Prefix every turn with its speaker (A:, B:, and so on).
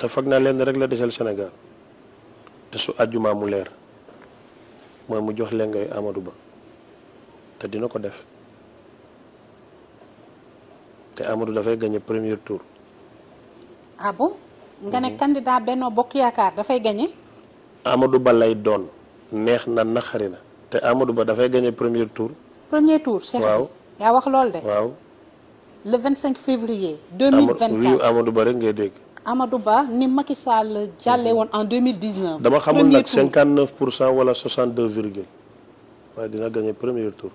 A: te foog naa leen rek la desal Sénégal te su àjjuma mu leer mooy mu jox leen ngay Ba te dina ko def te Amadou dafay gagné premier tour.
B: ah bon nga ne mhm. candidat Benno Bokk Yaakaar dafay gagné.
A: Amadou Ba lay doon neex na naxari na te Amadou Ba dafay gagné première tour.
B: premier tour Cheikh waaw yaa wax lool de. waaw le février. 2024
A: Amadou Ba rek ngay dégg.
B: Amadou Ba ni Macky Sall jàllee woon en 2019. dama xamul nag
A: 59 pour cent wala 62 virgule waaye dina gagné premier tour.